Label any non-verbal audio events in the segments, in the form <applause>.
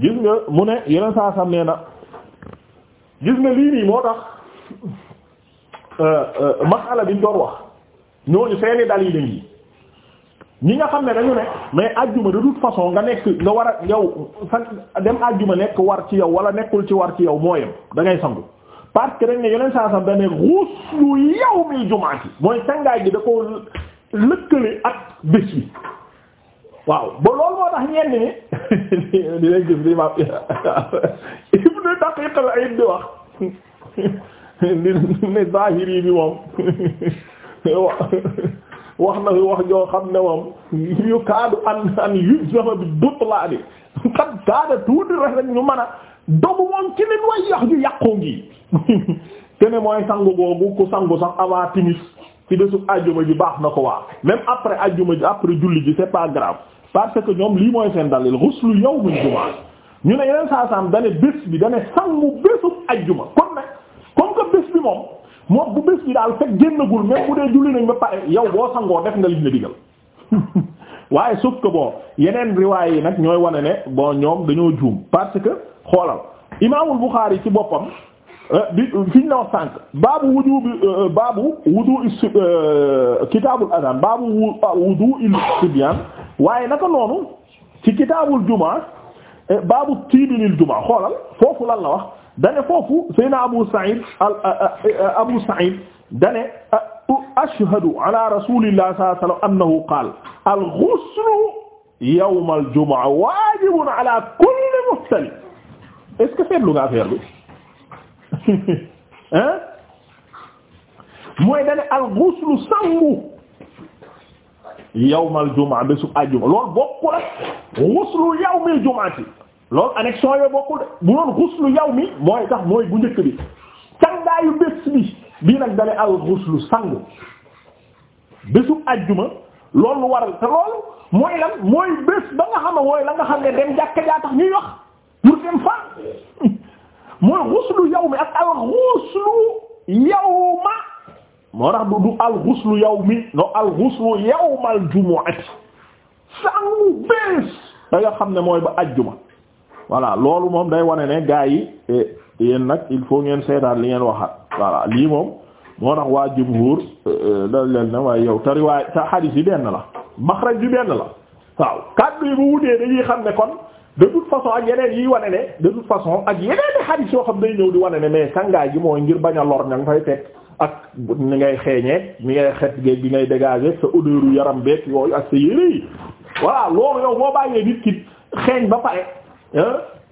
gis nga mu ne yeneen saa sam nee na gis nga lii nii moo tax euh, euh, masala biñ doon wax ñooñu seeni dal yi lañ yi ñi nga xam ne dañu ne mais ajjuma de toute façon nga nekk nga war a yow sa dem ajjuma nekk war ci yow wala nekkul ci war ci yow mooyem da ngay sangu parce que dañ ne yeneen saa sam dane ghuslu yawmil jumaati mooy sangaay gi da ko lëkkale ak bés bi waaw ba loolu moo tax ñenn ñi <laughs> di leen gis li ma <laughs> ibnu daqiq al aid di wax <laughs> di ne zahiri bi moom wax na wax joo xam ne moom yu kaadu an an yujama bi butlaani xat kaada tuuti rek ñu mën a dogu moom ci nit way yax ju yàqoo ngi te mooy sangu googu ku sangu sax avant timis ci bésu ajjuma ji baax na ko waa même après ajjuma ji après julli ji c'est parce que ñoom lii mooy seen dalil ghuslu yawm al-jumu'a ñu ne yeneen saa saam dane bés bi dane sangu bésu ajjuma kon nag comme que bés bi moom moom bu bés bi daal fekk génnagul même bu dee julli nañ ba pare yow boo sangoo def nga liñ la digal <laughs> waaye sauf que bon yeneen riwaay yi nag ñooy wane ne boo ñoom dañoo juum parce que xoolal imaamul Buxaari ci boppam Euh, di fi ñu la sànq baabu wujubi euh, baabu wudu euh, kitaabul adaan baabu wudu ah, il sibyan waaye naka noonu ci kitaabul jumaa eh, baabu tiibilil jumaa xoolal foofu lan la wax dane foofu sayna Abu Sa'id Abu Sa'id dane ashhadu ala rasulillahi sallallahu alayhi wa sallam annahu qaala al-ghuslu yawmal jumu'a waajibun ala kulli muhtalim est-ce que seetlu nga affaire bi <laughs> hein mooy dane al ghuslu sangu yawmal jumaa bésu àjjuma loolu bokkul ak ghuslu yawmil jumaati loolu annexion yooyu bokkul bu doon ghuslu yawmi mooy tax mooy bu njëkk bi cangaayu bés bi bii nag dane al ghuslu sangu bésu àjjuma loolu lu waral te loolu mooy lan mooy bés ba nga xam ne mooy la nga xam ne dem jàkka jaa tax ñuy wax pour dem fa mooy xuslu yow mi ak al xuslu yow ma moo tax du al xuslu yow mi no al xuslu yow ma al sangu bés da nga xam ne mooy ba ajjuma voilà loolu moom day wane ne gaa yi eh, yéen nag il faut ngeen seetaan li ngeen waxaat voilà lii moom moo tax waa jumhur eh, eh, dal leen ne waaye yow tari waaye ta hadis yi benn la maxraj bi benn la waaw kàddu yi bu wutee dañuy xam ne kon de toute façon ak yeneen yi wane ne de toute façon ak yeneen xadis yoo xam day ñëw di wane ne mais sangaay gi mooy ngir bañ a lor ña nga fay teg ak ni ngay xeeñee ni ngay xet géeg bi ngay dégager sa odeuru yaram beeg yooyu ak sa yére yi voilà loolu yow boo bàyyee nit ki xeeñ ba pare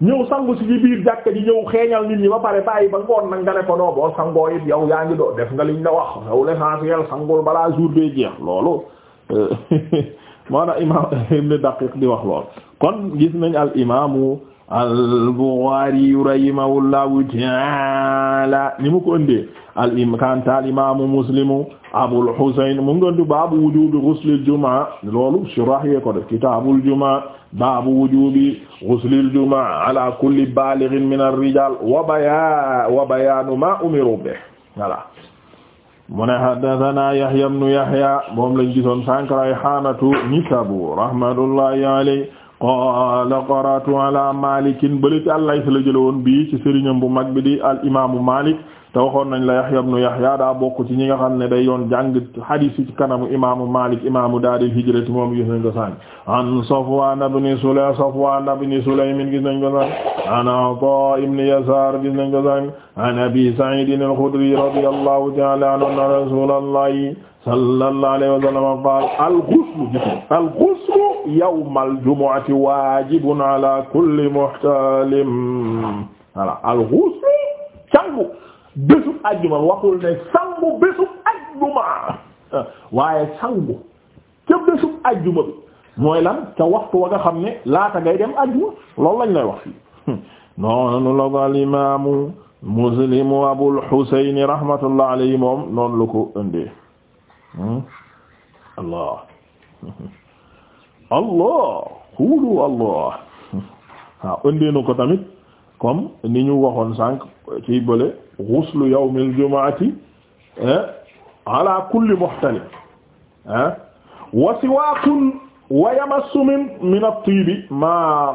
ñëw sangu si ci biir jàkka ji ñëw xeeñal nit ñi ba pare bàyyi ba ngoon nag nga ne ko noo boo sangoo it yow yaa ngi doo def nga liñ la wax yow l'essentiel sangul balaa jour bee jeex loolu euh, <laughs> moo na di wax lool kon gis nañ al imaamu al Bukhari rahimahullahu ta'ala ni mu ko ëndee al im kanta al imaamu Muslimu Abul Husayn mu ngi ëndi baabu wujuubi ghuslil jumaa loolu shurah yee ko def kitaabul jumaa baabu wujuubi ghuslil jumaa ala kulli baalighin min ar-rijaal wa bayaan wa bayaanu maa umiru bihi voilà mu ne haddathana Yahya ibnu Yahya moom lañ gisoon sànq rayhaanatu Nisaabu rahmatullahi alayhi qaala qara'tu ala malikin bële ci àllaysa la jële woon bii ci sëriñam bu mag bi di al imaamu malik te waxoon nañ la Yahya ibn Yahya daa bokk ci ñi nga xam ne day yoon jàng hadith ci kanamu imaamu Malik imaamu daaril hijrati moom gis nañ ko sànq an Safwan ibn Sulaym Safwan ibn Sulaym gis nañ ko sànq an Ata ibn Yasar gis nañ ko sànq an Abi Sa'id al-Khudri radiyallahu ta'ala anhu anna Rasulallahi sallallahu alayhi wa sallam qaala al-ghuslu al-ghuslu yawmal jumu'ati waajibun ala kulli muhtalim voilà al-ghusl sangu bésu ajjuma waxul ne sangu bésu waaye sangu ca bésu a bi mooy lan ca waxtu wa nga xam ne laata ngay dem ajjuma loolu lañ lay wax fii noonu la ko al imaamu rahmatullah alayhi moom noonu la ko hmm? allah <laughs> allah xuulu allah waaw ëndee na ko tamit comme ni ñu waxoon sànq ci bële ghuslu yawmil jumaati eh, ala kulli muhtalim eh, wa siwaakun wa yamassu min min at-tiibi ma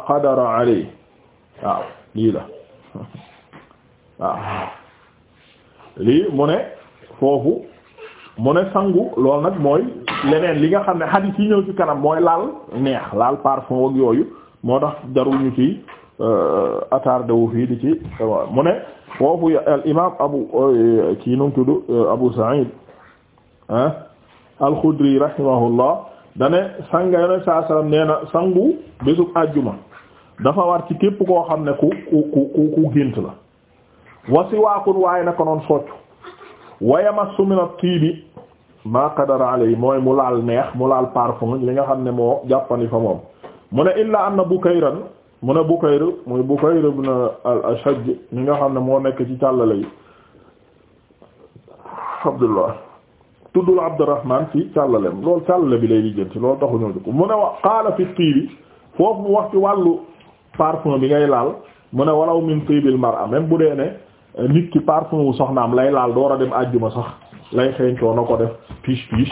qadara alayhi waaw lii la waaw lii mu ne foofu mu ne sangu lool nag mooy leneen li nga xam ne xadiis yi ñëw ci kanam mooy laal neex laal parfum ak yooyu moo tax jarul ñu ci euh, attardé fii di ci mu ne foofu al imaam abu euh, kii nu mu euh, abu sa'id al-Khudri rahimahullah dane sangu bésub àjjuma dafa war ci képp koo xam ne ku ku ku ku gént la wasiwaakun waaye naka noon soccu wayamassu min at-tibi maa qadara alayhi mooy mu laal neex mu laal parfum li nga xam ne moo jàppandi fa moom mu ne illaa anna Bukayran mu ne Bukayr muy bu ibn al-Ashaj mi nga xam ne moo nekk ci càllale yi Abdullah tuddul Abdurrahman ci càllalem loolu càllale bi lay lijjanti loolu taxu ñoo jukko mu ne wax qaala fi tiibi foofu mu wax ci wàllu parfum bi ngay laal mu ne walaw min bu dee ne nit ki parfum wu soxnaam lay laal door a dem àjjuma sax lay xeeñcoo na ko def fiche fiche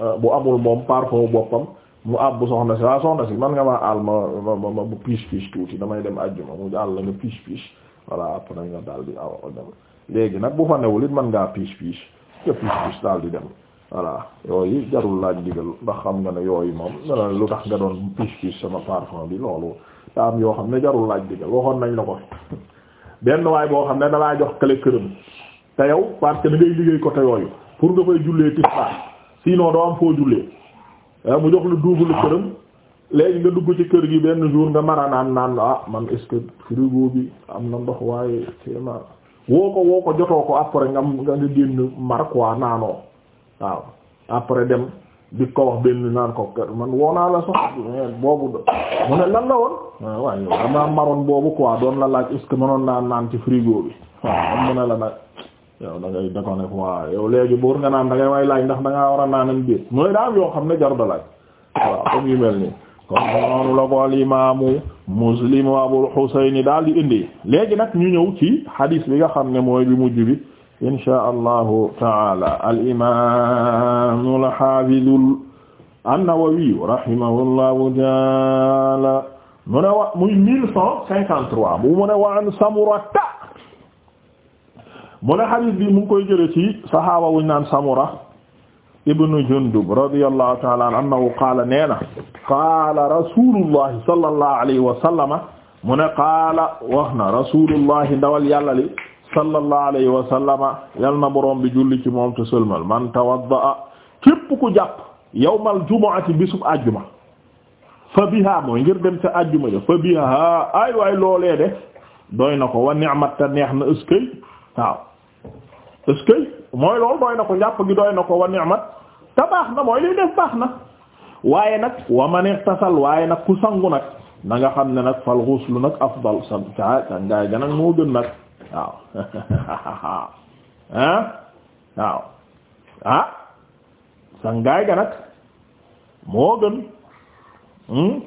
euh, bu amul moom parfum boppam mu àbb soxna si waa soxna si man nga ma àll ma ma ma fiche fiche tuuti damay dem àjjuma mu àll nga fiche fiche voilà après nga daal di aw dem léegi nag bu fa newul it mën ngaa fiche fiche nga fiche fiche daal di dem voilà yooyu jarul laaj digal ndax xam nga ne yooyu moom nga lu tax nga doon fiche fiche sama parfum bi loolu daa am yoo xam ne jarul laaj digal waxoon nañ la ko <laughs> benn waay boo xam ne dalaa jox clé këram te yow parce que da ngay liggéey côté yooyu. pour nga koy jullee tisbaar sinon doo am foo jullee eh, mu jox lu duubalu këram léegi nga dugg ci kër gi benn jour nga mën a naan naan ah man est frigo bi am na ndox waaye cema woo ko woo ko jotoo ko après nga nga nga génn mar quoi naanoo waaw après dem di ko wax benn naan ko kër man woo naa la sax eh, boobu mu ne lan la woon waaw eh, waaye damaa maroon boobu quoi doon la laaj est mënoon naa naan ci frigo bi waaw am mu la nag yow da ngay da ko ne waa yow léegi buur nga naan da ngay may laaj ndax da war a naanam biir mooy daal yoo xam ne jarul da laaj waaw comme yu mel nii kon noonu la ko al imaamu Muslim wa Abul Husayn daal di indi léegi nag ñu ñëw ci hadis bi nga xam ne mooy bi mujj bi insha allahu taala al imaamu al haafidu an-Nawawi rahimahullahu taala mu ne wa muy mille cent cinquante-trois mu ne xadiis bi mu ngi koy jële ci saxaaba wuñ naan samura ibnu jundub radiyallahu taala an annahu qaala nee na qaala rasulullahi sallallahu alayhi wa sallama mu ne qaala wax na rasulullahi ndawal yàlla li sallallahu alayhi wa sallama yal na boroom bi julli ci moom te sëlmal man tawaddaa képp ku jàpp yawmal jumu'ati bisub àjjuma fa biha mooy ngir dem ca àjjuma ja fa biha ay waay loolee de doy na ko wa ni'mat ta neex na ëskay waaw est-ce que mooy loolu doy na ko njàpp gi doy na ko wa ni'mat te baax na mooy liy def baax na waaye nag wa man ihtasal waaye nag ku sangu nag na nga xam ne nag fal ghuslu nag afdal sangaay ga nag moo gën nag waaw <laughs> ah moo gën hmm?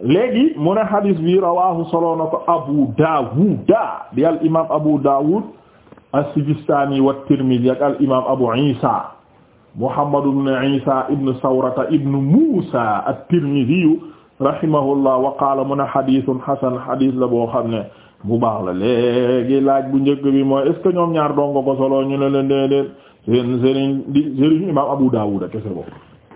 léegi mu ne xadiis bi rawaahu solo na ko abu daawuda di al imaam abu daawud as-Sijistaani wa Tirmidhi ak al imaam Abu Isa Muhammad ibn Isa ibn Sawrata ibn Muusa at-Tirmidhi rahimahullah wa qaala mun hadiisun hasan hadiis la boo xam ne bu baax la léegi laaj bu njëkk bi mooy est ce que ñoom ñaar dongo ko solo ñu ne leen déedéet seen sëriñ di sëriñu imaam Abu Daawuda kese boobu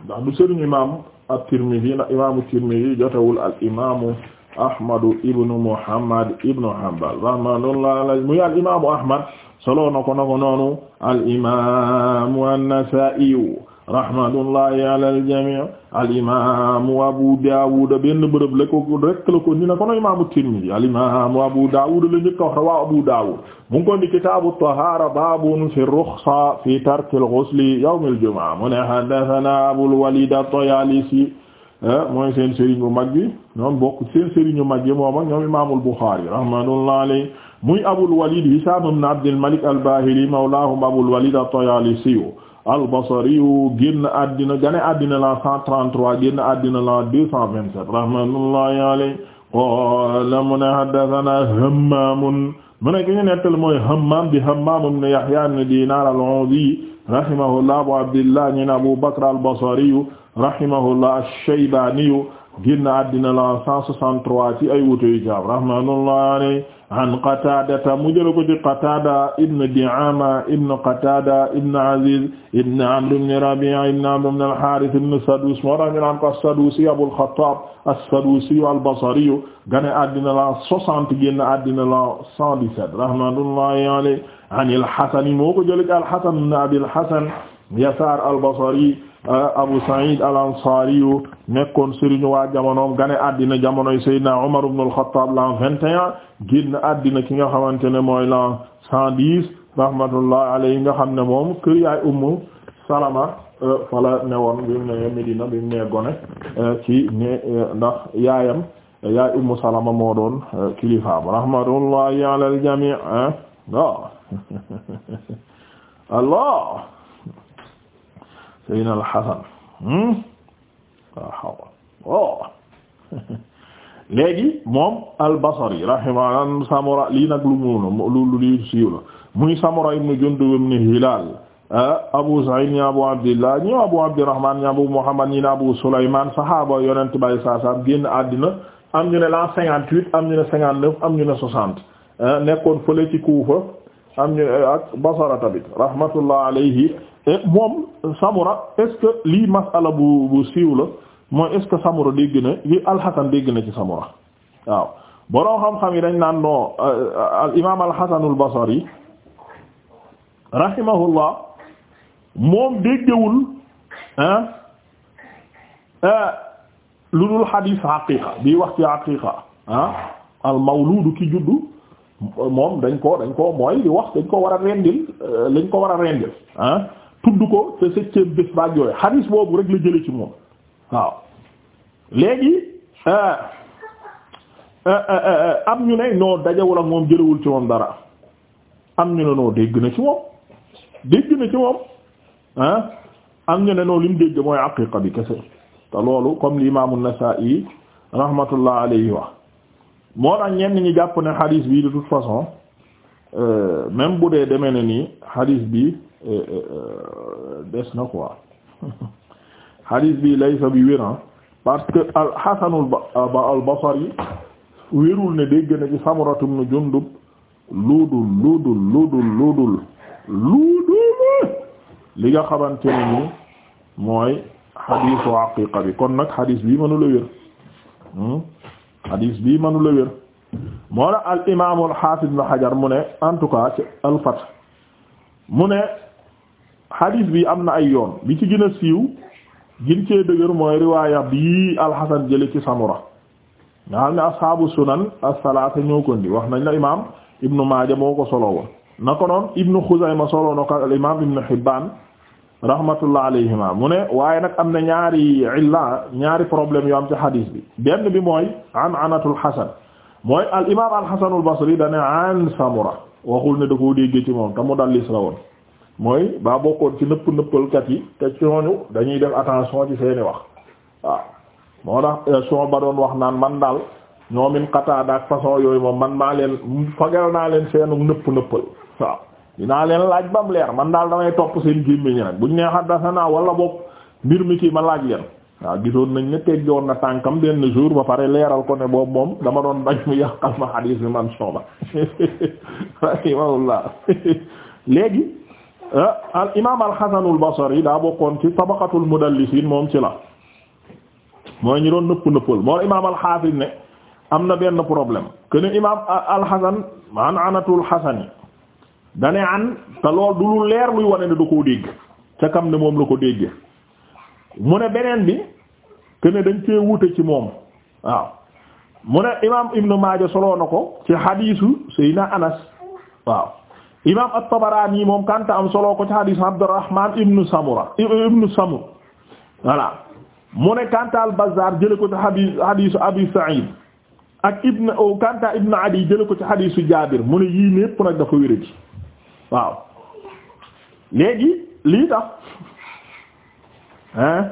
ndax du sëriñu imaam at-Tirmidhi na imaamu Tirmidhi jotawul al imaamu. ahmadu ibnu muhammad ibnu hanbal rahmatullah alayhi muy al imaamu ahmad solo na ko na ko noonu al imaamu an-nasaa'i rahmatullahi ala al-jamii' al imaamu abu daawud benn bërëb la ko rek la ko ni na ko noonu imaamu tirmidi al imaamu abu daawud la njëkk a wax rawaahu abu daawud mu ngi ko di kitaabu tahaara baabun fi ruxsa fi tarkil ghusli yawmil jumu'a mu ne haddathanaa abul waliid at-tayaalisi Eh, mooy seen sëriñ bu mag bi ñoom bokk seen sëriñ bu mag yi moom ak ñoom imaamul Buxaari rahmatullah alayhi muy Abul Walid Hishaam ibn Abdil Malik al-Baahili mawlaahum Abul Walid at-Tayaalisi al-Basri génn àddina gane àddina la 133 génn àddina la 227 rahmatullahi alayhi qaala mu ne haddathanaa Hammaam mu ne mooy Hammaam bi Hammaam ibn Yahyaa al-Awdi rahimahullah Abu Abdillah ibn Abu Bakr al-Basri rahimahullah ash-Shaybaniyu génn àddina la 163 ci ay wuute yu jaam rahmatullahi alayhi an Qataadata mu jël ko ci Qataada ibn Di'aama ibn Qataada ibn Aziz ibn Amr ibn Rabi'a ibn Amr ibn al-Haarith ibn Sadus moo tax ñu naan ko as-Sadusi Abul Xattaab as-Sadusi al-Basri génn àddina la 60 génn àddina la 117 rahmatullahi alayhi an al-Hasan moo ko jël ci al-Hasan ibn Abi al-Hasan Yasaar al-Basri Euh, Abu Sa'id al-Ansari nekkoon sëriñu waa jamonoom gane àddina jamonoy Seydina Umar ibn al-Khattab l'an 21 génn addina ki nga xamante ne mooy l'an 110 rahmatullah alayhi nga xam ne moom kër yaay Ummu Salama euh, fala newoon bi mu ne Medina bi mu ne gone euh, ci ne ndax yaayam yaay Ummu Salama moo doon kilifaam rahmatullahi ala al-jami' <laughs> Allah Seydina al-Hasan waaw hmm? ah, oh. <laughs> léegi moom al-Basri rahimahullah Samura lii nag lu mu lu lu siiw la muy Samura ibn Jundub ibn Hilal ah, Abu Sa'id ñi Abu Abdillah ñi Abu Abdirrahman ñi Abu Muhammad ñi Abu Sulayman sahaaba yonent bay saasaam génn àddina am ñu ne l'an am ñu ne ah, nekkoon fële ci Kuufa am ñu bi basara tamit rahmatullah alayhi moom samura est que lii masala bu bu siiw la mooy est ce que samura dégg na li alxasan dégg na ci samura waaw borom xam-xam yi dañ naan noo euh, al imaam alxasanul basri rahimahullah moom déggewul euh, lu dul xadiis xaqiqa bii wax ci xaqiqa ah al mawludu ki juddu. moom dañ ko dañ ko mooy wax dañ ko war a rendil euh, lañ ko war a rendil tudd ko te septième bés ba yooyu xadis boobu rek la jële ci moom waaw léegi euh, euh, am ñu ne noo dajewul ak moom jëlewul ci moom dara am ñu ne noo dégg na ci moom dégg na ci moom am ñu ne noo li mu dégg mooy aqiqa bi kese te loolu comme l'imam an-Nasa'i rahmatullah alayhi wa moo tax ñenn ñi jàpp ne hadith bi de toute façon euh, même bu dee demee na nii hadith bi euh, euh, des na quoi <laughs> hadith bi laysa bi wéran parce que al Hasanul al Basri wérul ne dégg na ci Samuratum nu Jundub luudul luudul luudul li nga xamante ne nii mooy hadithu aqiqa bi kon nag hadith bi mënula wér hmm? hadis bii manula wér moo la al imaam al haafid Hajar mu ne en tout cas ci al Fath mu ne hadis bi am na ay yoon bi ci gën siiw gin cee dëgër mooy riwaaya bii al Hasan jële ci Samura nga xam ne ashaabu sunan as-salaasa ñoo ko wax nañ la imaam ibnu Maaja moo ko solo woon na ko noon ibnu Xuzayma solo na ko al imaam ibnu Hibbaan rahmatullah alayhima mu ne waaye nag am na ñaari illa ñaari problème yoo am ci hadis bi benn bi mooy an anatul hasan mooy al imam al hasanul basri dane an samura waxul ne da koo dégg ci moom te mu dallis la woon mooy baa bokkoon ci nëpp nëppalkat yi te ñooñu dañuy def attention ci seeni wax waaw moo tax son ba doon wax naan man daal ñoomin Qataada façon yooyu moom man maa leen fagal naa leen seenu nëpp nëppal waaw dinaa leen laaj bam leer man daal damay topp seen gémmiñ nag buñ nee xaddasanaa wala bopp mbir mi kii ma laaj leen waaw gisoon nañ ne teggi na tànkam benn jour ba pare leeral ko ne boobu moom dama doon baj mu yàqal ma xadiis bi man sooba rahimahullah léegi ah, al imaam al xasanul basri daa bokkoon ci tabaqatul mudallisiin moom ci la mooy ñi doon nëpp nëppal moo imaam al xaafis ne am na benn problème que ne imaam al xasan an anatul xasani dane an te lool du lu leer luy wone ne du koo dégg ca kam ne moom la ko dégge mu ne beneen bi que ne dañ cee wute ci moom waaw mu ne imaam Ibn Maaja soloo na ko ci xadiisu Seydina Anas waaw imaam at-Tabaraani moom kanta am soloo ko ci xadiisu Abdurrahman ibnu Samura ibnu Samur voilà mu ne kanta al jële ko ci xadiis xadiisu Abi Sa'id ak ibn kanta ibnu Adi jële ko ci xadiisu Jaabir mu ne yii népp nag dafa wéradi waaw léegi lii tax hein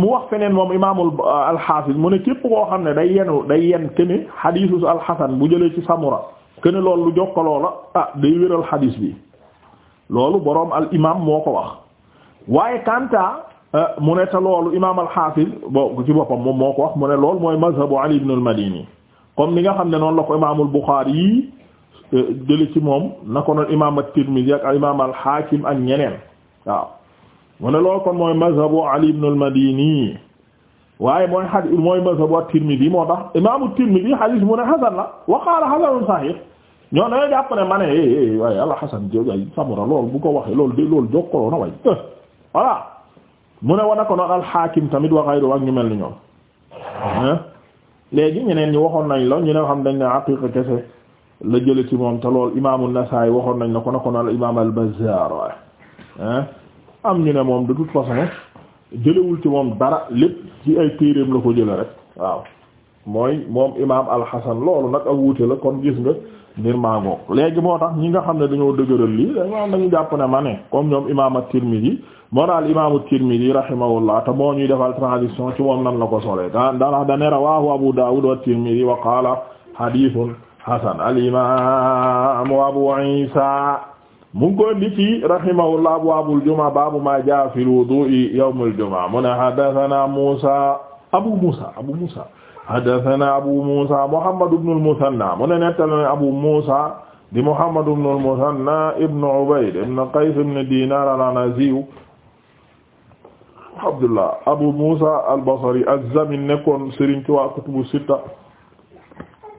mu wax feneen moom imaamul euh, alxaafis mu ne képp koo xam ne day yenu day yen këne xadiisu alxasan bu jëlee ci samura këne loolu lu jokkaloo la ah day wéral xadiis bi loolu boroom al imaam moo ko wax waaye kanta euh, mu ne te loolu imaam alxaafis boo ci boppam moom moo ko wax mu ne loolu mooy mazhabu ali ibn al madini comme ni nga xam ne noonu la ko imaamul buxaari yi jële ci moom na ko noon imam at-Tirmidhi ak imam al-Hakim ak ñeneen waaw mu kon mooy mazhabu Ali ibn al-Madini waaye mooy hadith mooy mazhabu at-Tirmidhi moo tax imam at-Tirmidhi hadith mu hasan la wa qala hasanun sahih ñoo dañoo jàpp ne ma ne eh, eh, eh, waaye ala hasan jogay samura loolu bu ko waxee loolu de lool jokkaloo na way voilà mu ne wa na ko al-Hakim tamit wa ghayru ak ñu mel ni ñoom léegi ñeneen ñi waxoon nañ lool ñu ne la jële ci moom te lool imaamu Nasaa'i waxoon nañ la ko na ko al imaam al-Bazzaar ah am ñu ne moom de toute façon jëlewul ci moom dara lépp ci ay téereem la ko jële rek waaw mooy moom imaam al-Hasan loolu nag ak wuute la kon gis nga mbir maa ngoog léegi moo tax ñi nga xam ne dañoo dëgëral lii dañoo nañu jàpp ne ma ne comme ñoom imaam at-Tirmidhi moo daal imaam at-Tirmidhi rahimahullah te moo ñuy defal transition ci moom moo la ko solee da- da- da ne rawaahu Abu Dawud wa at-Tirmidhi hasan alimamu abou isa mu ngi ko di ci rahimahullah abwaabul jumaa baabu maa jaa fil wuduu'i yawmul jumaa mu ne haddasanaa Muusaa abou Muusaa abou Muusaa haddasanaa abou Muusaa Muhammad ibnul Musannaa mu ne nettali abou Muusaa di Muhammad ibnul Musannaa ibnu Ubayd ibnu Qays ibnu Diinaar al-Anaziyu Abdullah abou Muusaa al-Basri az-Zamin nekkoon Serigne ci waa kutubu sitta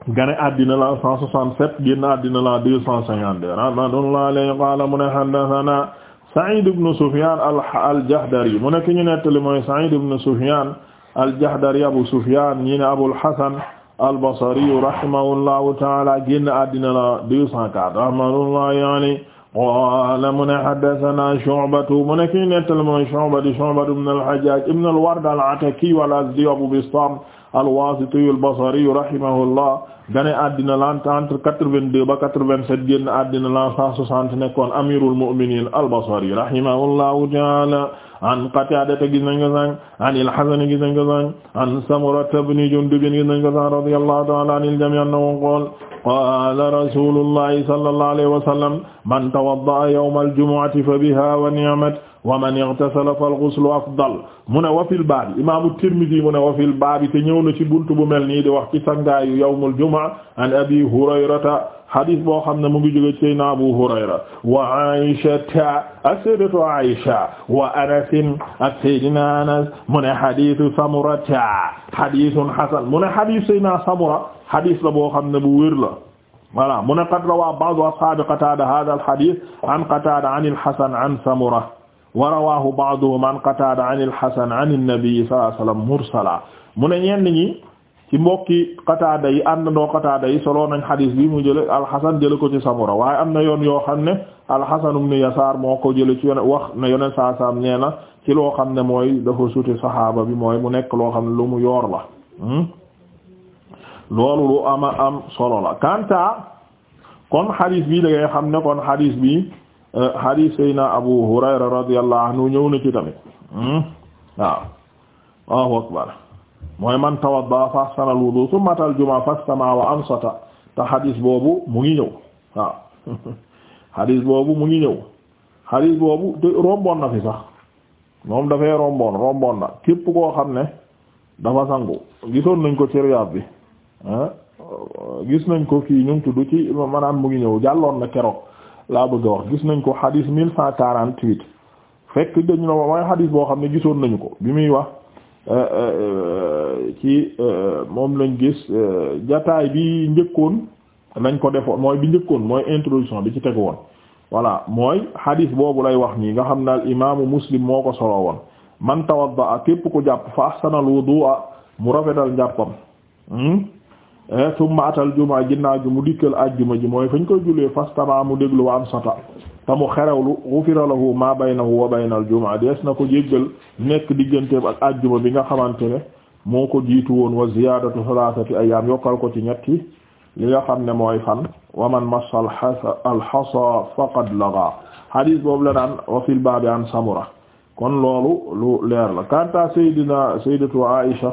gane addina la 167 génn addina la 252 rahmatullah alayhi qala mu ne haddathana Sa'id ibn Sufyan al-Jahdari mu ne ki ñu nettali mooy Sa'id ibn Sufyan al-Jahdari Abu Sufyan ñi ne Abul Hasan al-Basri rahimahullahu ta'ala génn addina la 204 rahmatullah yaani qala mu ne haddathana Shu'ba mu ne ki ñu nettali mooy Shu'ba di Shu'ba ibn al-Hajjaj ibn al-Ward al-Ataki wal-Azdi Abu Bistam al-Wasiti al-Basri rahimahullah gane addina lan entre quatre-vingt-deux ba quatre-vingt-sept génn addina lan cent soixante nekkoon amirul mu'minin al-Basri rahimahullahu ta'ala an Qatada gis nañ ko sànq an al-Hasan gis nañ ko sànq an Samura ibn Jundub gis nañ ko sànq radiyallahu ta'ala anil jami' annahu qala qala rasulullahi sallallahu alayhi wa sallam man tawadda'a yawma al-jumu'ati fa biha wa ni'mat wa man ightasala fal ghuslu afdal mu ne wa fil baabi imaamu Tirmidi mu ne wa fil baabi te ñëw na ci buntu bu mel nii di wax ci sangaayu yawmul jumaa an abi hurayrata hadis boo xam ne mu ngi jóge ci Abu Hurayra wa Aysata as-sayyidatu Aysa wa Anas ak sayyidina Anas mu ne hadisu Samurata hadisun hasan mu ne hadis sayyidina Samura hadis la boo xam ne bu wér la voilà mu ne qad rawaa ba'du ashaabi Qataada haadha al-hadiis an Qataada an al-Hasan an Samura wa rawahu ba'duhum an qatada an al-hasan an an-nabi sallallahu alayhi wasallam mursala mu ne ñenn ñi ci mbokki qatada yi àndandoo qatada yi soloo nañ xadis bi mu jële al-hasan jële ko ci samura waaye am na yoon yoo xam ne al-hasan ibn yasaar moo ko jële ci wax na yoneen saa saam nee na ci loo xam ne mooy dafa suti saxaaba bi mooy mu nekk loo xam ne lu mu yoor la hmm? loolu lu ama am solo la kanta kon xadis bi da xam ne kon xadis bi hadis sayna Abu Hurayra radiyallahu anhu ñëw na ci tamit hmm? waaw Allahu akbar mooy man tawadda fa ahsanal wudu summa tal juma fastama wa ansata te hadis boobu mu ngi ñëw waaw <laughs> hadis boobu mu ngi ñëw hadis boobu te romboon na fi sax moom dafay romboon romboon na képp koo xam ne dafa sangu gisoon nañ ko ci Riyaad bi ah? gis nañ ko kii ñu ngi tudd ci maanaam mu ngi ñëw jàlloon na keroog laa bëgg a wax gis nañ ko xadis mille cent quarante-huit fekk dañu la mooy xadis boo xam ne gisoon nañu ko bi muy wax euh, euh, ci euh, moom lañ gis jataay bi njëkkoon nañ ko defoon mooy bi njëkkoon mooy introduction bi ci tegu woon voilà mooy xadis boobu lay wax nii nga xam ne al imaamu muslim moo ko solo woon man tawadda a képp ku jàpp fa ahsanal wudu'a mu rafetal njàppam hmm? tumma eh, atal jumaa ginnaaw ji mu dikkal ajjuma ji mooy fañ koy jullee fastama mu déglu wa sata te mu xerewlu ghufira lahu ma baynahu wa baynal jumaa dees na ko jéggal nekk digganteem ak ajjuma bi nga xamante ne moo ko jiitu woon wa ziyadatu thalathati ayyam yokkal ko ci ñetti li nga xam ne mooy fan wa man massa alxasa faqad laga hadis boobu la naan wa fil baabi an samura kon loolu lu leer la kanta sayyidina sayyidatu aisha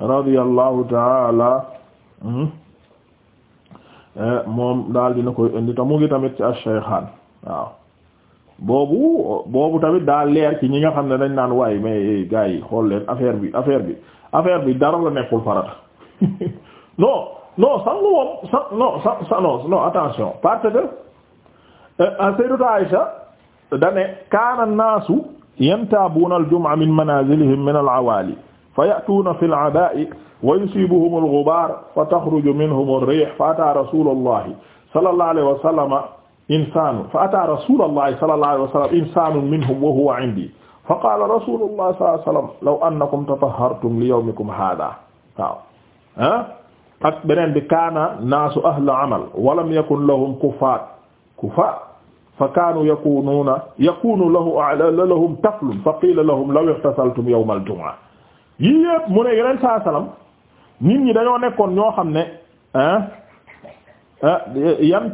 radiyallahu ta'ala Mhm. Eh, moom daal dina koy indi ta mu ngi tamit ci ash-shaykhan waaw boobu boobu tamit daa leer ci ñi nga xam ne dañ naan waaye mais gars yi xool leen affaire bi affaire bi affaire bi dara la nekkul farata <laughs> non non sangu moom sa non sa sa non non attention parce que eh, sayyidatu dane kaana naasu yantaabuna al-jum'a min manaazilihim min al-awaali fa ya'tuuna fil 'abaa'i wa yusiibuhumul ghubaar fa taxruju minhumur riih fa ataa rasuulullaahi sallallaahu alayhi wa sallama insaanun fa ataa rasuulullaahi sallallaahu alayhi wa sallam insaanun minhum wa huwa 'indii fa qaala rasuulullaahi sallallaahu alayhi wa sallam law annakum tatahhartum li yawmikum haadaa waaw ah ak beneen bi kaana naasu ahla 'amal wa lam yakun lahum kuffar kuffar fa kaanu yakuunuuna yakuunu lahu lahum taflun fa qiila lahum law ightasaltum yawmal jumu'a yii yëpp mu ne yeneen saa salaam nit ñi dañoo nekkoon ñoo xam ne ah,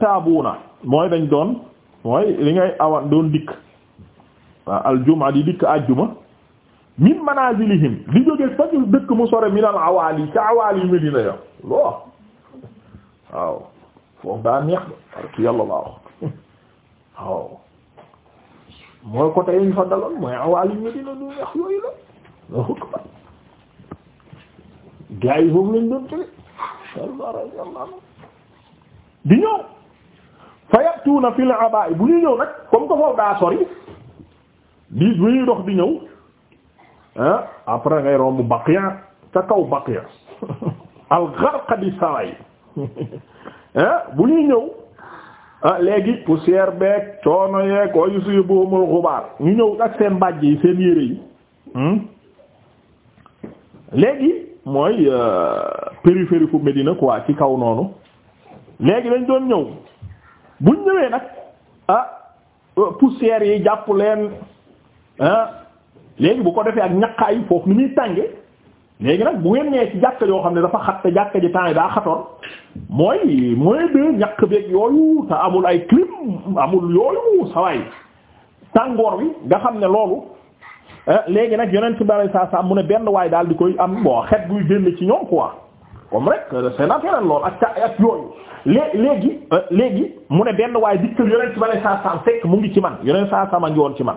na mooy dañ doon mooy li ngay awan doon dikk waaw aljuma di dikk àjjuma min manazilihim di jóge fa ñu dëkk mu sore min al awaali ca awaali medina ya loo waaw foofu daa neex ba parce que yàlla laa wax waaw mooy côté yañ fa daloon mooy awaali medina lu neex yooyu la gars yi foofu lañ doon tëddee di ñëw fa yattuuna fil bu ñuy ñëw nag comme que foofu daa sori bi bu ñuy dox di ñëw ah après ngay romb Baqiya ca kaw Baqiya <laughs> al-Gharqadi saway <laughs> ah bu ñuy ñëw ah léegi poussière beeg coono yeeg wa yusiibuhumul ghubaar ñu ñëw ak seen mbàjj yi seen yére yi hmm? léegi. mooy euh, périphérie fu Médina quoi ci kaw noonu léegi dañ doon ñëw buñ ñëwee nag ah euh, poussière yi jàpp leen ah léegi bu ko defee ak ñaqaayi foofu ni muy tànge léegi nag bu ngeen ñëwee ci jàkka yoo xam ne dafa xat te jàkka ji temps yi daa xatoon mooy mooy de ñaq beeg yooyu te amul ay clim amul yooyu sawaay tàngoor wi nga xam ne loolu Eh, léegi nag yonent bi saa saa mu ne benn waay daal di koy am bon xet buy génn ci ñoom quoi comme rek euh, c'est naturel lool ak ca yooyu léegi euh, léegi mu ne benn waay dikkal yonent bi saa saa fekk mu ngi ci man yonent saa saa ngi woon ci man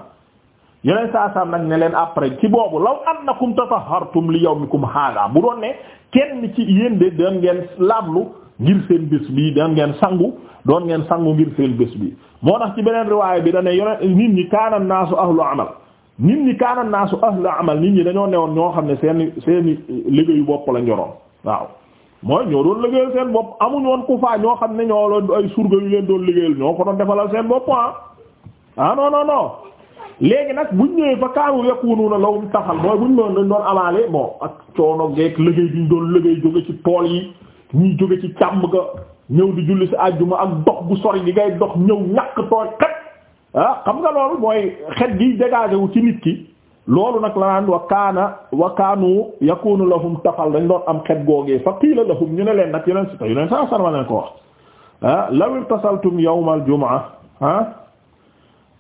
yonent saa saa nag ne leen après ci boobu law annakum tatahhartum li mi yawmikum hada bu doon ne kenn ci yéen de doon ngeen laablu ngir seen bés bi doon ngeen sangu doon ngeen sangu ngir seen bés bi moo tax ci beneen riwaay bi da ne yonent nit ñi kaana naasu ahlu amal nit ñi kaana naasu ahla amal nit ñi dañoo newoon ñoo xam ne seen seeni liggéeyu bopp la ñoroon waaw mooy ñoo doon liggéeyal seen bopp amuñ woon ku faa ñoo xam ne ñoo loon ay surga yu leen doon liggéeyal ñoo ko doon defalal seen bopp ah ah nag buñ ñëwee fa kaaru yakunu na lawum taxal mooy buñ moon dañ doon amaale bon ak coono geek liggéey bi ñu doon liggéey jóge ci tool yi ñuy jóge ci càmb ga ñëw di julli ci àjjuma ak dox bu sori gi ngay dox ñëw ñàkk tooy ah xam nga loolu mooy xet gi dégagé wu ci nit ki loolu nag la naan wa kaana wa kaanu yakunu lahum tafal dañ doon am xet googee fa lahum ñu ne leen nag yeneen si ta yeneen sa sarma leen ko wax ah law irtasaltum yawmal jumaa ah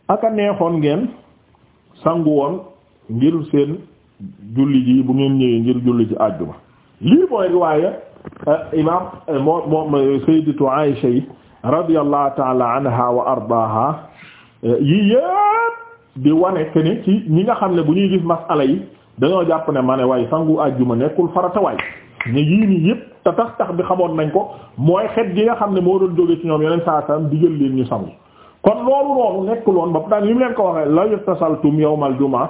aka neexoon ngeen sangu woon ngir seen julli ji bu ngeen ñëwee ngir julli ji àjjuma lii mooy riwaaya eh, imam eh, moo moom eh, sayyidatu Aisha radiyallahu ta'ala anha wa ardaaha Euh, yii yëpp di wane que ci ñi nga xam ne bu ñuy gis masala yi dañoo jàpp ne ma ne waaye sangu àjjuma nekkul farata waay ne yii nii yëpp te tax tax bi xamoon nañ ko mooy xet gi nga xam ne moo doon jóge ci ñoom yeneen saa saam digal leen ñu sangu kon loolu noonu nekkul loon ba daan li mu leen ko waxee la tasaltum yawmal jumaa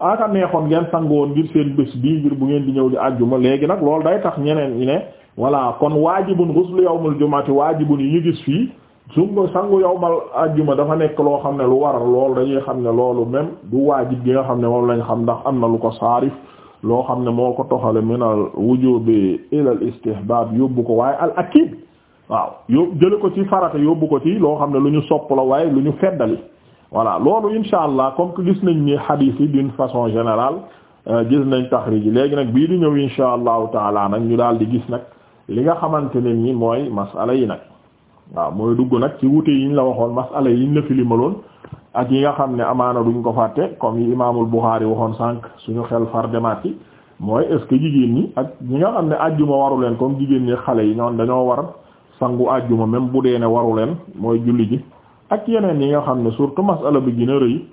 aka ah, neexoon ngeen sangu woon ngir seen bés bii ngir bu ngeen di ñëw di àjjuma léegi nag loolu day tax ñeneen ñi ne voilà kon waajibun ghuslu yawmal jumaati waajibun yi gis fii sungo sangu yowmal ajjuma dafa nekk loo xam ne lu waral lool dañuy xam ne loolu même du waajib gi nga xam ne moom lañu xam ndax am na lu ko saarif loo xam ne moo ko toxale min al wujubi ila al istihbab yóbbu ko waaye al akid waaw yób jële ko ci farata yóbbu ko ci loo xam ne lu ñu sopp la waaye lu ñu feddali voilà loolu insha allah comme que gis nañ ni hadith yi d'une façon général euh, gis nañ taxrij yi léegi nag bii di ñëw insha allahu taala nag ñu daal di gis nag li nga xamante ne ni mooy masala yi nag waaw mooy dugg nag ci wute yiñ la waxoon masala yiñ la filimaloon ak yi nga xam ne amaana duñ ko fàtte comme yi imaamul Buxaari waxoon sànq suñu xel far demaat yi mooy est ce que jigéen ñi ak ñi nga xam ne àjjuma waru leen comme jigéen ñi xale yi ñoon dañoo war sangu àjjuma même bu dee ne waru leen mooy julli ji ak yeneen yi nga xam ne surtout masala bi gën a rëy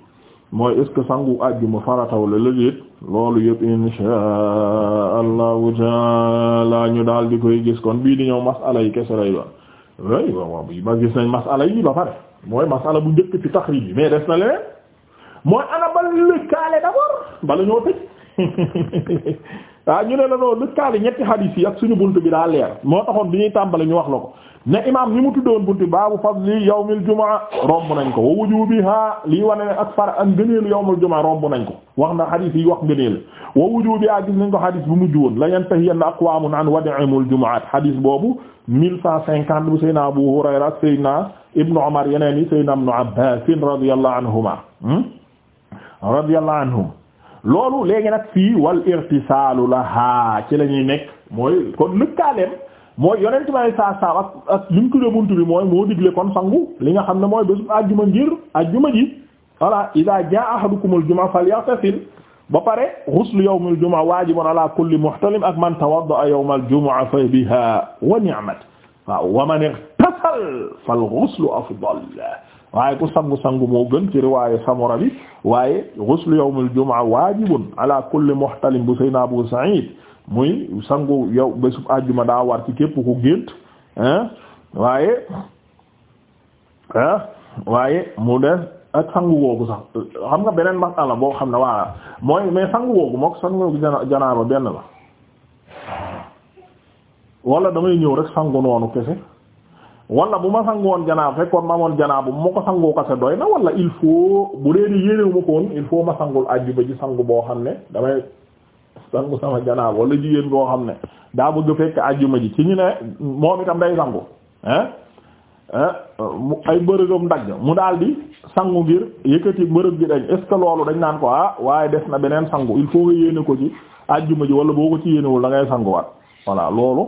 mooy est ce que sangu àjjuma farataw la la déet loolu yëpp insha allahu taala ñu daal di koy gis kon bii di ñëw masala yi kese lay doon oui waaw ba gis nañ masala yi ba pare mooy masala bu njëkk ci taxrib bi mais des na leneen mooy ana ba lëkkaale d'abord bala ñoo tëj waaw <laughs> ah, ñu ne la noo lëkkaale ñetti hadith yi ak suñu bunt bi daa leer moo taxoon bi ñuy tàmbale ñu wax la ko ne imaam ni mu tuddoon buntu baabu fadli yawmil jumaa romb nañ ko wa wujubiha lii wane ne ak ak ngëneelu yawmil jumaa nañ ko wax na xadiis yi wax ngëneel wa wujubiha gis nañ ko xadiis bu mujj woon la yantahiyanna aqwaamun an wad'imul jumaat xadiis boobu mille cent cinquante bu Seydina Abu Hurayra Seydina Ibnu Umar yeneen yi Seydina Ibnu Abbaas radiyallahu anhuma hmm? radiyallahu anhum loolu léegi nag fii wal irtisaalu laha ci la ñuy nekk mooy kon lëkkaaleem mooy yonent may saa saa ak ak li mu tuddee buntu bi mooy moo digle kon sangu li nga xam ne mooy bés bu àjjuma ngir àjjuma ji voilà idaa jaa ahadukumul juma falyaghtasil ba pare ghuslu yawmil juma waajibun ala kulli muhtalim ak man tawadda'a yawmal jumu'a fa biha wa ni'mat waaw wa man ightasal fal ghuslu afdal waaye ku sangu-sangu moo gën ci riwaayu Samura bi waaye ghuslu yawmil juma waajibun ala kulli muhtalim bu sayna Abu Sa'id muy sangu yow bésub àjjuma daa war ci képp ku gént hein waaye waaye mu des ak sangu googu sax xam nga beneen masala boo xam ne waa mooy mais sangu googu mook sangu janaaba benn la wala damay ñëw rek sangu noonu kese wala bu ma woon janaab fekkoon ma amoon janaab bu ma ko sangoo kese doy na wala il faut bu dee ni yéenewu ma ko il faut ma sangul àjjuma ji sangu boo xam ne damay sangu sama janaaba wala jigéen boo xam ne daa bëgg fekk àjjuma ji ci ñu ne moom itam day sangu ah ay bërëgam dagg mu daal di sangu ngir yëkkati bërëg gi dañ est ce loolu dañ naan ko ah waaye des na beneen sangu il faut nga yéene ko ci àjjuma ji wala boo ko ci yéenewul da ngay sanguwaat voilà loolu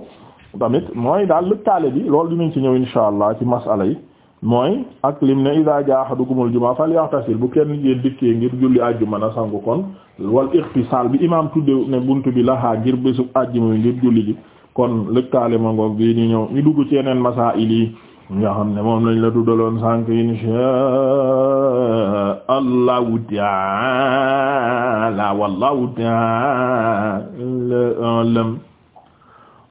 tamit mooy daal lëkkaale bi loolu dinañ ci ñëw insha allah ci masala yi mooy ak lim ne iza jaa ahadukumul jumaa falyaghtasil bu kenn yéen dikkee ngir julli àjjuma na sangu kon wal ightisal bi imaam tudde ne buntu bi laxaa ngir bésub àjjuma ngir julli ji kon lëkkaale ma ngoog bii ñu ñëw ñu dugg ci yeneen masaa'il yi nga xam ne moom lañ la tuddaloon sànq inshaa allahu taala wallahu taala alam